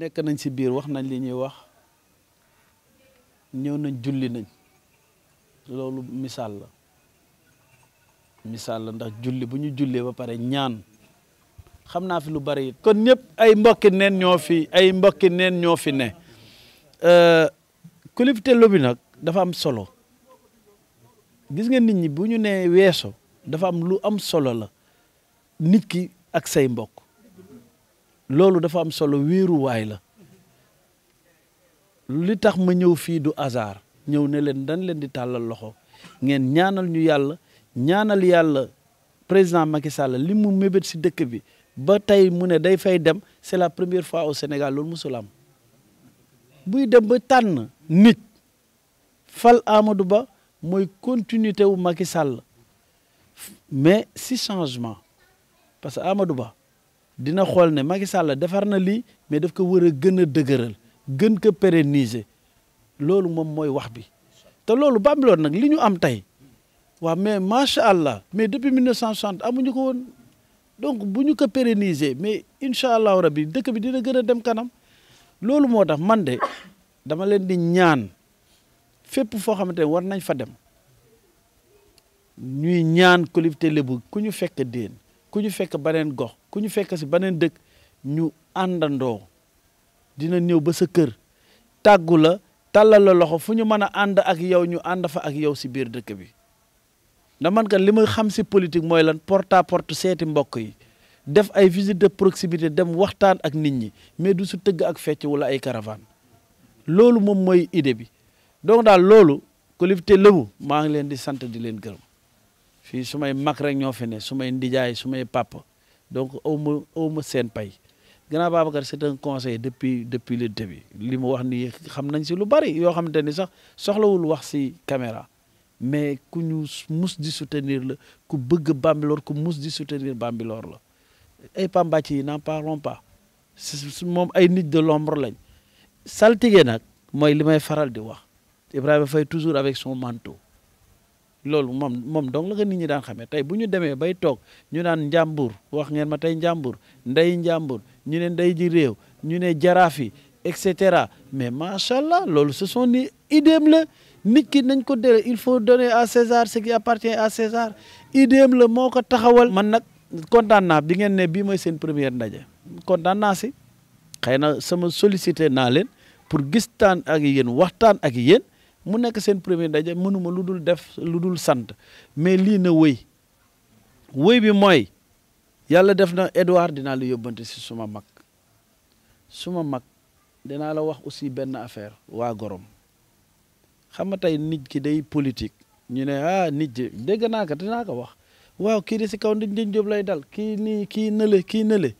nekk nañ ci biir wax nañ li ñuy wax ñëw nañ julli nañ loolu misaal la misaal la ndax julli bu ñu jullee ba pare ñaan xam naa fi lu bari it kon ñëpp ay mbokki neen ñoo fi ay mbokki ne euh, collectivité locale bi nag dafa am solo gis nga nit ñi bu ñu ne weeso dafa am lu am solo la nit ki ak say mbokk loolu dafa am solo wéeruwaay la li tax ma ñëw fii du hasard ñëw ne leen dañ leen di tàllal loxo ngeen ñaanal ñu yàlla ñaanal yàlla président Macky Sall li mu mébét si dëkk bi ba tey mu ne day fay dem c'est la première fois au Sénégal loolu musul am buy dem ba tànn nit fal Amadou Ba mooy continuité wu Macky Sall mais si changement parce que Amadou Ba dina xool ne Macky Sall defar na lii mais daf ko war a gën dëgëral gën ko pérenniser loolu moom mooy wax bi te loolu Bambilor nag li ñu am tey waaw mais macha allah mais depuis 1960 amuñu ko woon donc bu ñu ko pérenniser mais incha allahu rabi dëkk bi dina gën a dem kanam loolu moo tax man de dama leen di ñaan fépp foo xamante ne war nañ fa dem. ñuy ñaan collectivité lébu ku ñu fekk déen ku ñu fekk baneen gox ku ñu fekk si baneen dëkk ñu àndandoo dina néew ba sa kër tàggu la tàllal la loxo fu ñu mën a ànd ak yow ñu ànd fa ak yow si biir dëkk bi ndax man kan li may xam si politique mooy lan porte à seeti mbokk yi def ay visite de proximité dem waxtaan ak nit ñi mais du su tëgg ak fecc wala ay caravane loolu moom mooy idée bi doo daal loolu collectivité Lebu maa ngi leen di sant di leen gërëm fii su may mag rek ñoo fi ne su ndijaay su papa donc aw ma aw seen pay gannaaw Babacar c'est un conseil depuis depuis le début li mu wax ni xam nañ si lu bari yoo xamante ni sax soxlawul wax si caméra mais ku ñu mus di soutenir la ku bëgg Bambilor ku mus di soutenir Bambilor la ay pambàcc yi n'en parlons pas moom ay nit de l'ombre lañ saltige nag mooy li may faral di wax Ibrahima fay toujours avec son manteau loolu moom moom dong la ko nit ñi daan xamee tey bu ñu demee bay toog ñu naan njàmbur wax ngeen ma tey njàmbur ndey njàmbur ñu ne ndey ji réew ñu ne jaraaf yi et cetera mais macha allah loolu ce sont ni idéem la nit ki nañ ko dere il faut donner à César ce qui appartient à César idéem la moo ko taxawal. man nag kontaan naa bi ngeen ne bii mooy seen première ndaje kontaan naa si xëy na sama sollicité naa leen pour gistaan ak yéen waxtaan ak yéen. mu nekk seen premier daje mënuma lu dul def lu dul sant mais lii na wëy wëy bi mooy yàlla def na Edouard dinaa la yóbbante si suma mag suma mag dinaa la wax aussi benn affaire waa gorom xam nga tey nit ki day politique ñu ne ah nit ji dégg naa ko dinaa ko wax waaw kii di si kaw nit Jóob lay dal kii nii kii nële kii nële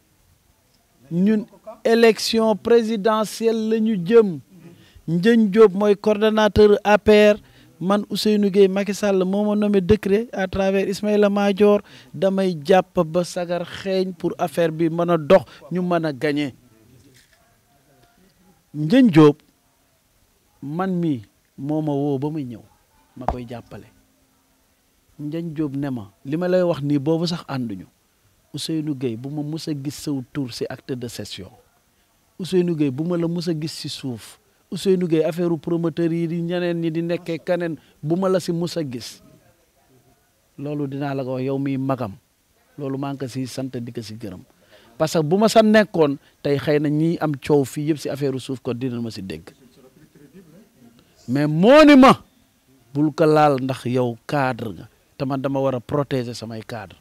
ñun élection présidentielle la ñu jëm Ndiagne Diop mooy coordonnateur APR man Ousseynou Gueye Macky sàll moo ma nommé décret à travers Ismaïla Madior damay jàpp ba sagar xeeñ pour affaire bi mën a dox ñu mën a gañe Ndiagne Diop man mii moo ma woo ba muy ñëw ma koy jàppale Ndiagne Diop ne ma li ma lay wax nii boobu sax ànduñu Ousseynou géey bu ma mës a gis saw tur si acte de session Ousseynou géey bu ma la mus a gis si suuf Ousseynou Gueye affaire promoteur yi di ñeneen ñi di nekkee keneen bu ma la si musa gis loolu dinaa la ko wax yow mi magam loolu maa ngi ko siy sant di si gërëm parce que bu ma sa nekkoon tey xëy na ñi am coow fii yëpp si affaire suuf ko dina ma si dégg mais moo ni ma bul ko laal ndax yow cadre nga te man dama war a protéger samay cadre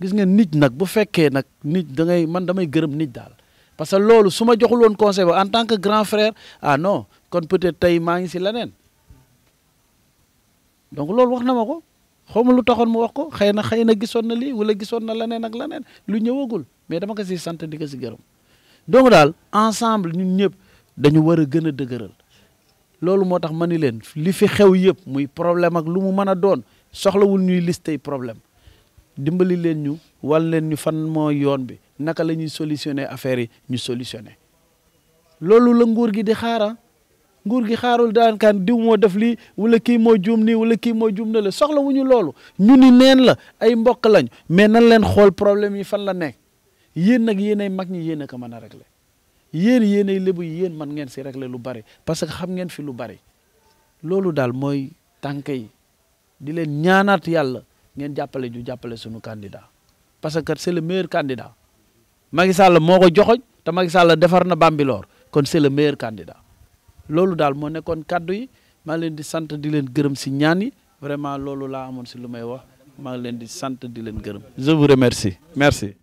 gis nga nit nag bu fekkee nag nit da ngay man damay gërëm nit daal parce que loolu su ma joxuloon conseil ba en tant que grand frère ah non kon peut-être tey maa ngi si leneen donc loolu wax na ma ko xaw ma lu taxoon mu wax ko xëy na xëy na gisoon na lii wala gisoon na leneen ak leneen lu ñëwagul mais dama ko si sant di ko si gërëm doomu daal ensemble ñu ñëpp dañu war a gën a dëgëral loolu moo tax ma ni leen li fi xew yëpp muy problème ak lu mu mën a doon soxlawul ñuy listey problème dimbali leen ñu wal leen ñu fan mooy yoon bi naka lañuy ñuy solutionner affaire yi ñu solutionner loolu la nguur gi di xaara ah. nguur gi xaarul daan kan diw moo def lii wala kii moo juum nii wala kii moo juum na la soxla wu ñu loolu ñu ni neen la ay mbokk lañ mais nan leen xool problème yi fan la nekk yéen nag yéen ay mag ñi yéen a mën a régler yéen yéen ay lébu yi man ngeen si régler lu bari parce que xam ngeen fi lu bari loolu daal mooy tànk yi di leen ñaanaat yàlla ngeen jàppale ñu jàppale suñu candidat parce que c'est le meilleur candidat Macky Sall moo ko joxoñ te Macky Sall defar na Bambilor kon c'est le meilleur candidat loolu daal moo nekkoon kaddu yi maa ngi leen di sant di leen gërëm si ñaan yi vraiment loolu laa amoon si lu may wax maa ngi leen di sant di leen gërëm je vous remercie merci